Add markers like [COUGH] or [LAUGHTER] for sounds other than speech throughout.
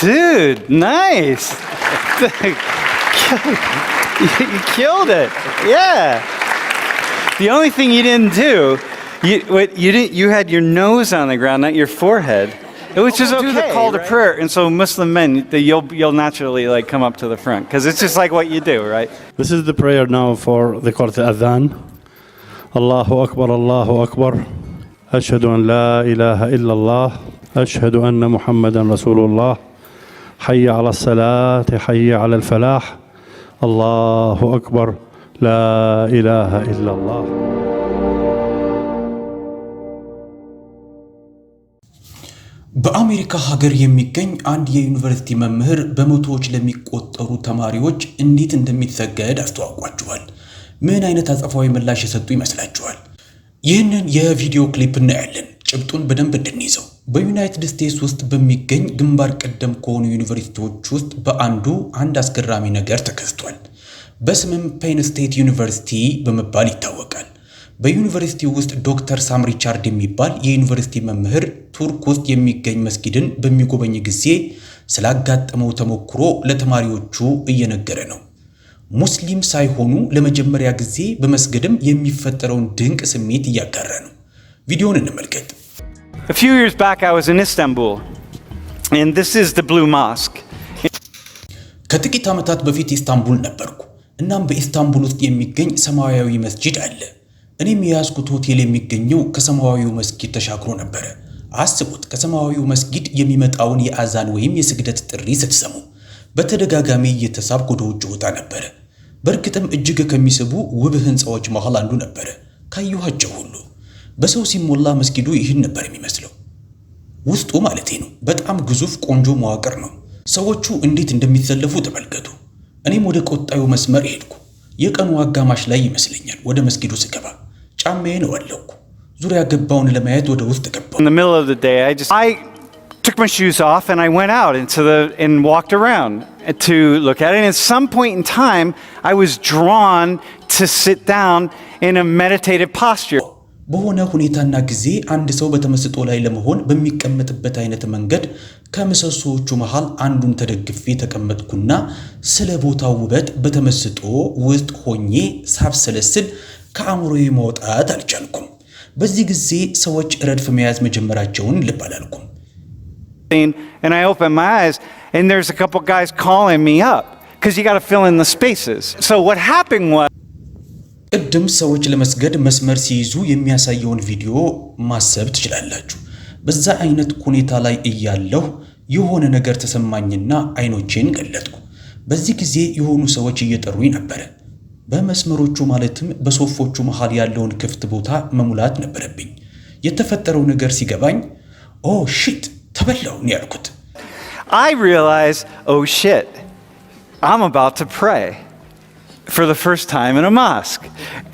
Dude, nice. you killed it. Yeah. The only thing you didn't do, you, you, didn't, you had your nose on the ground, not your forehead. Which is okay. Do the call right? to prayer, and so Muslim men, you'll you'll naturally like come up to the front because it's just like what you do, right? This is the prayer now for the to adhan. Allahu Akbar, Allahu Akbar. أشهد an la ilaha illallah. الله anna Muhammadan rasulullah. حي على الصلاة حي على الفلاح الله أكبر لا إله إلا الله በአሜሪካ ሀገር የሚገኝ አንድ የዩኒቨርሲቲ መምህር በመቶዎች ለሚቆጠሩ ተማሪዎች እንዴት እንደሚሰገድ አስተዋውቋቸዋል። ምን አይነት አጸፋዊ ምላሽ የሰጡ ይመስላችኋል? ይህንን የቪዲዮ ክሊፕ እናያለን። ጭብጡን በደንብ እንድንይዘው በዩናይትድ ስቴትስ ውስጥ በሚገኝ ግንባር ቀደም ከሆኑ ዩኒቨርሲቲዎች ውስጥ በአንዱ አንድ አስገራሚ ነገር ተከስቷል። በስምም ፔን ስቴት ዩኒቨርሲቲ በመባል ይታወቃል። በዩኒቨርሲቲ ውስጥ ዶክተር ሳም ሪቻርድ የሚባል የዩኒቨርሲቲ መምህር ቱርክ ውስጥ የሚገኝ መስጊድን በሚጎበኝ ጊዜ ስላጋጠመው ተሞክሮ ለተማሪዎቹ እየነገረ ነው። ሙስሊም ሳይሆኑ ለመጀመሪያ ጊዜ በመስገድም የሚፈጠረውን ድንቅ ስሜት እያጋራ ነው። ቪዲዮውን እንመልከት። A few years back, I was in Istanbul, and this is the Blue Mosque. ከጥቂት ዓመታት በፊት ኢስታንቡል ነበርኩ። እናም በኢስታንቡል ውስጥ የሚገኝ ሰማያዊ መስጂድ አለ። እኔም የያዝኩት ሆቴል የሚገኘው ከሰማያዊው መስጊድ ተሻግሮ ነበረ። አስቡት፣ ከሰማያዊው መስጊድ የሚመጣውን የአዛን ወይም የስግደት ጥሪ ስትሰሙ በተደጋጋሚ እየተሳብኩ ወደ ውጭ ወጣ ነበረ። በእርግጥም እጅግ ከሚስቡ ውብ ሕንፃዎች መሃል አንዱ ነበረ ካየኋቸው ሁሉ በሰው ሲሞላ መስጊዱ ይህን ነበር የሚመስለው። ውስጡ ማለቴ ነው። በጣም ግዙፍ ቆንጆ መዋቅር ነው። ሰዎቹ እንዴት እንደሚሰለፉ ተመልከቱ። እኔም ወደ ቆጣዩ መስመር ሄድኩ። የቀኑ አጋማሽ ላይ ይመስለኛል። ወደ መስጊዱ ስገባ ጫማዬን ወለኩ። ዙሪያ ገባውን ለማየት ወደ ውስጥ ገባሁ። ሚ በሆነ ሁኔታና ጊዜ አንድ ሰው በተመስጦ ላይ ለመሆን በሚቀመጥበት አይነት መንገድ ከምሰሶዎቹ መሃል አንዱን ተደግፌ ተቀመጥኩና ስለ ቦታው ውበት በተመስጦ ውስጥ ሆኜ ሳብሰለስል ከአእምሮዬ ማውጣት አልቻልኩም። በዚህ ጊዜ ሰዎች ረድፍ መያዝ መጀመራቸውን ልብ አላልኩም። And there's a couple guys calling me up because you got to fill in the spaces. So what happened was ቅድም ሰዎች ለመስገድ መስመር ሲይዙ የሚያሳየውን ቪዲዮ ማሰብ ትችላላችሁ። በዛ አይነት ሁኔታ ላይ እያለሁ የሆነ ነገር ተሰማኝና አይኖቼን ገለጥኩ። በዚህ ጊዜ የሆኑ ሰዎች እየጠሩኝ ነበረ። በመስመሮቹ ማለትም በሶፎቹ መሃል ያለውን ክፍት ቦታ መሙላት ነበረብኝ። የተፈጠረው ነገር ሲገባኝ ኦ ሺት ተበላው ነው ያልኩት። I ሪላይዝ ኦ oh shit, አም about to for the first time in a mosque.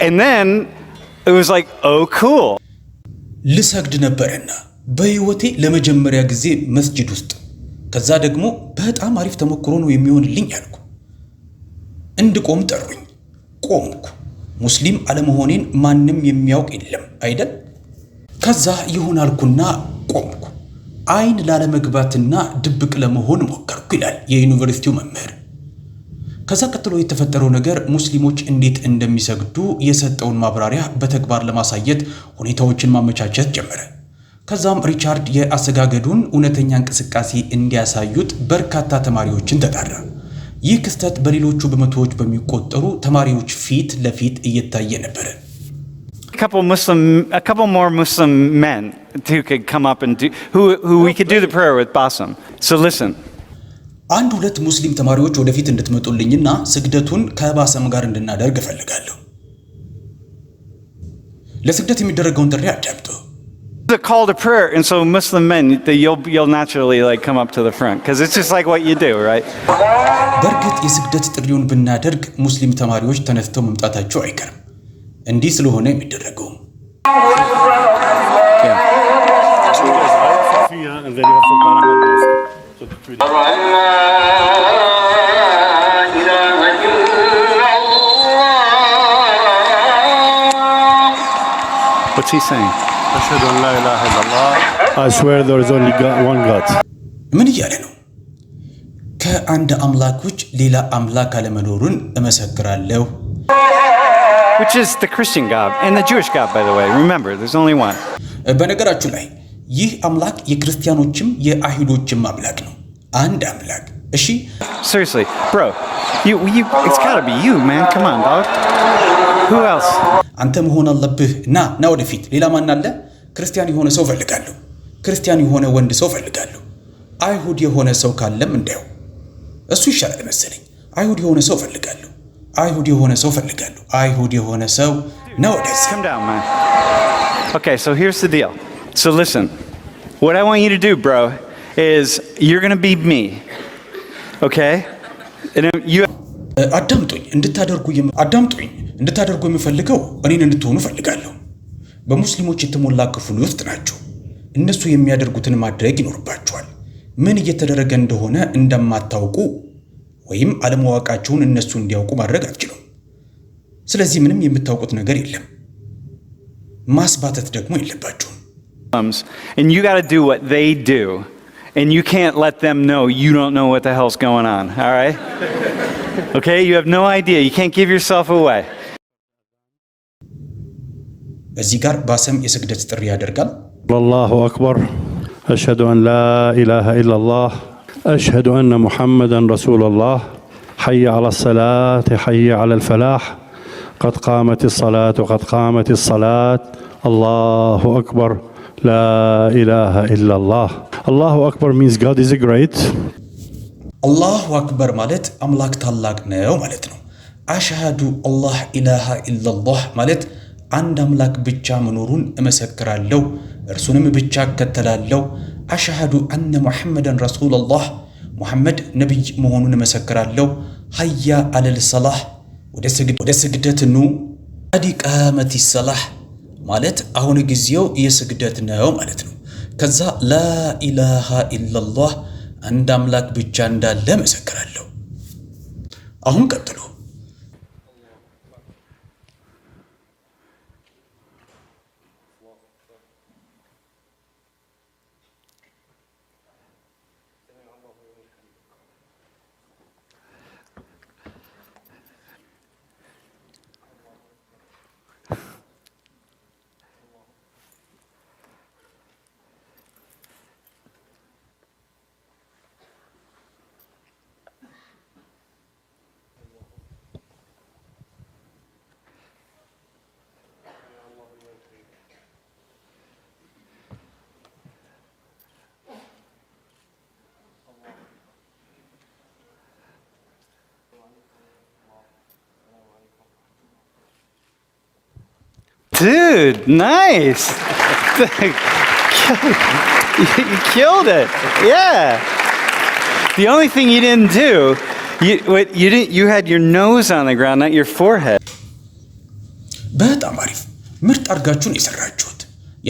And then it was like, oh, cool. ልሰግድ ነበረና በህይወቴ ለመጀመሪያ ጊዜ መስጅድ ውስጥ ከዛ ደግሞ በጣም አሪፍ ተሞክሮ ነው የሚሆንልኝ አልኩ። እንድቆም ጠሩኝ። ቆምኩ። ሙስሊም አለመሆኔን ማንም የሚያውቅ የለም አይደል? ከዛ ይሆናልኩና ቆምኩ። አይን ላለመግባትና ድብቅ ለመሆን ሞከርኩ ይላል የዩኒቨርሲቲው መምህር። ከዛ ቀጥሎ የተፈጠረው ነገር ሙስሊሞች እንዴት እንደሚሰግዱ የሰጠውን ማብራሪያ በተግባር ለማሳየት ሁኔታዎችን ማመቻቸት ጀመረ። ከዛም ሪቻርድ የአሰጋገዱን እውነተኛ እንቅስቃሴ እንዲያሳዩት በርካታ ተማሪዎችን ተጣራ። ይህ ክስተት በሌሎቹ በመቶዎች በሚቆጠሩ ተማሪዎች ፊት ለፊት እየታየ ነበረ። a አንድ ሁለት ሙስሊም ተማሪዎች ወደፊት እንድትመጡልኝና ስግደቱን ከባሰም ጋር እንድናደርግ እፈልጋለሁ። ለስግደት የሚደረገውን ጥሪ አዳምጡ። በእርግጥ የስግደት ጥሪውን ብናደርግ ሙስሊም ተማሪዎች ተነስተው መምጣታቸው አይቀርም። እንዲህ ስለሆነ የሚደረገው What's he saying? I swear there is only one God. ምን እያለ ነው? ከአንድ አምላክ ውጭ ሌላ አምላክ አለመኖሩን እመሰክራለሁ። Which is the Christian God and the Jewish God, by the way. Remember, there's only one. በነገራችሁ ላይ ይህ አምላክ የክርስቲያኖችም የአይሁዶችም አምላክ ነው። አንድ አምላክ እሺ። Seriously, bro, you, you, it's gotta be you, man. Come on, dog. Who else? አንተ መሆን አለብህ። ና ና ወደፊት። ሌላ ማን አለ? ክርስቲያን የሆነ ሰው ፈልጋለሁ። ክርስቲያን የሆነ ወንድ ሰው ፈልጋለሁ። አይሁድ የሆነ ሰው ካለም እንዳው እሱ ይሻላል መሰለኝ። አይሁድ የሆነ ሰው ፈልጋለሁ። አይሁድ የሆነ ሰው ፈልጋለሁ። አይሁድ የሆነ ሰው ነው ወደዚህ What I want you to do, bro, is you're going to be me. Okay? And you አዳምጡኝ እንድታደርጉ አዳምጡኝ እንድታደርጉ የምፈልገው እኔን እንድትሆኑ እፈልጋለሁ። በሙስሊሞች የተሞላ ክፍሉ ውስጥ ናቸው። እነሱ የሚያደርጉትን ማድረግ ይኖርባቸዋል። ምን እየተደረገ እንደሆነ እንደማታውቁ ወይም አለማወቃቸውን እነሱ እንዲያውቁ ማድረግ አትችሉም። ስለዚህ ምንም የምታውቁት ነገር የለም። ማስባተት ደግሞ የለባቸውም። Okay? You have no idea. You can't give yourself away. እዚህ ጋር ባሰም የስግደት ጥሪ ያደርጋል። አላሁ አክበር አሽሀዱ አን ላ ኢላሃ ኢላላህ አሽሀዱ አነ ሙሐመደን ረሱሉላህ حي على الصلاة حي على الفلاح قد قامت الصلاة قد قامت الصلاة الله أكبر لا إله إلا الله الله أكبر means God is great አላሁ አክበር ማለት አምላክ ታላቅ ነው ማለት ነው። አሽሃዱ አላህ ኢላሃ ኢላላህ ማለት አንድ አምላክ ብቻ መኖሩን እመሰክራለሁ፣ እርሱንም ብቻ እከተላለሁ። አሽሃዱ አነ ሙሐመደን ረሱሉላህ ሙሐመድ ነቢይ መሆኑን እመሰክራለሁ። ሀያ አለል ሰላህ ወደ ስግደት ኑ። ቀድ ቃመቲ ሰላህ ማለት አሁን ጊዜው የስግደት ነው ማለት ነው። ከዛ ላኢላሃ ኢላላህ አንድ አምላክ ብቻ እንዳለ መሰክራለሁ። አሁን ቀጥሎ Dude, nice. [LAUGHS] you killed it. Yeah. The only thing you didn't do, you, wait, you, didn't, you had your nose on the ground, not your forehead. በጣም አሪፍ ምርጥ አድርጋችሁን የሰራችሁት።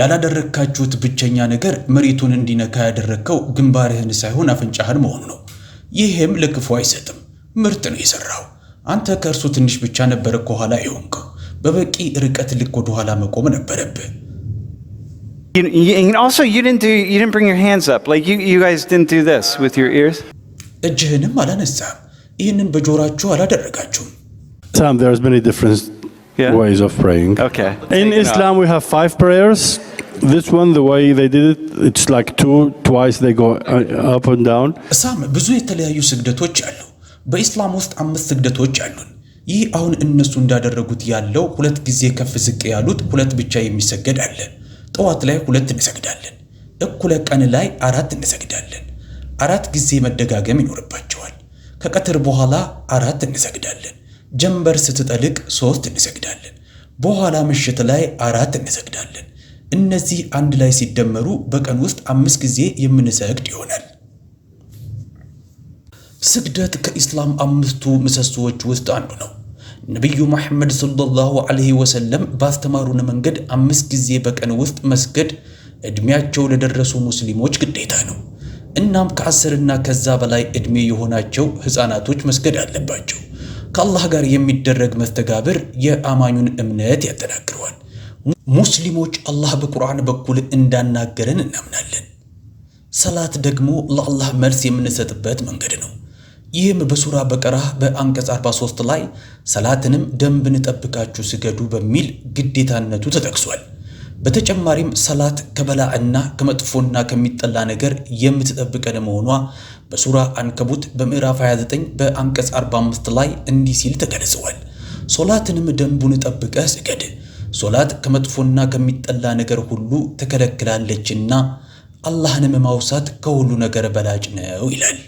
ያላደረግካችሁት ብቸኛ ነገር መሬቱን እንዲነካ ያደረግከው ግንባርህን ሳይሆን አፍንጫህን መሆኑ ነው። ይህም ለክፉ አይሰጥም። ምርጥ ነው የሰራው። አንተ ከእርሱ ትንሽ ብቻ ነበር ከኋላ የሆንከው። በበቂ ርቀት ልክ ወደኋላ መቆም ነበረብህ። እጅህንም አላነሳም። ይህንን በጆራችሁ አላደረጋችሁም። ሳም ብዙ የተለያዩ ስግደቶች አሉ። በኢስላም ውስጥ አምስት ስግደቶች አሉን። ይህ አሁን እነሱ እንዳደረጉት ያለው ሁለት ጊዜ ከፍ ዝቅ ያሉት ሁለት ብቻ የሚሰገድ አለ። ጠዋት ላይ ሁለት እንሰግዳለን። እኩለ ቀን ላይ አራት እንሰግዳለን። አራት ጊዜ መደጋገም ይኖርባቸዋል። ከቀትር በኋላ አራት እንሰግዳለን። ጀንበር ስትጠልቅ ሶስት እንሰግዳለን። በኋላ ምሽት ላይ አራት እንሰግዳለን። እነዚህ አንድ ላይ ሲደመሩ በቀን ውስጥ አምስት ጊዜ የምንሰግድ ይሆናል። ስግደት ከኢስላም አምስቱ ምሰሶዎች ውስጥ አንዱ ነው። ነቢዩ መሐመድ ሰለላሁ ዐለይሂ ወሰለም ባስተማሩን መንገድ አምስት ጊዜ በቀን ውስጥ መስገድ ዕድሜያቸው ለደረሱ ሙስሊሞች ግዴታ ነው። እናም ከአስርና ከዛ በላይ ዕድሜ የሆናቸው ሕፃናቶች መስገድ አለባቸው። ከአላህ ጋር የሚደረግ መስተጋብር የአማኙን እምነት ያጠናክረዋል። ሙስሊሞች አላህ በቁርአን በኩል እንዳናገረን እናምናለን። ሰላት ደግሞ ለአላህ መልስ የምንሰጥበት መንገድ ነው። ይህም በሱራ በቀራ በአንቀጽ 43 ላይ ሰላትንም ደንብን ጠብቃችሁ ስገዱ በሚል ግዴታነቱ ተጠቅሷል። በተጨማሪም ሰላት ከበላእና ከመጥፎና ከሚጠላ ነገር የምትጠብቀን መሆኗ በሱራ አንከቡት በምዕራፍ 29 በአንቀጽ 45 ላይ እንዲህ ሲል ተገለጸዋል። ሶላትንም ደንቡን ጠብቀ ስገድ፣ ሶላት ከመጥፎና ከሚጠላ ነገር ሁሉ ተከለክላለችና አላህንም ማውሳት ከሁሉ ነገር በላጭ ነው ይላል።